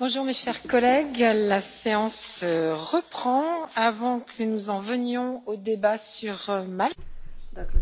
Bonjour mes chers collègues, la séance reprend avant que nous en venions au débat sur euh, Malte. Dakle,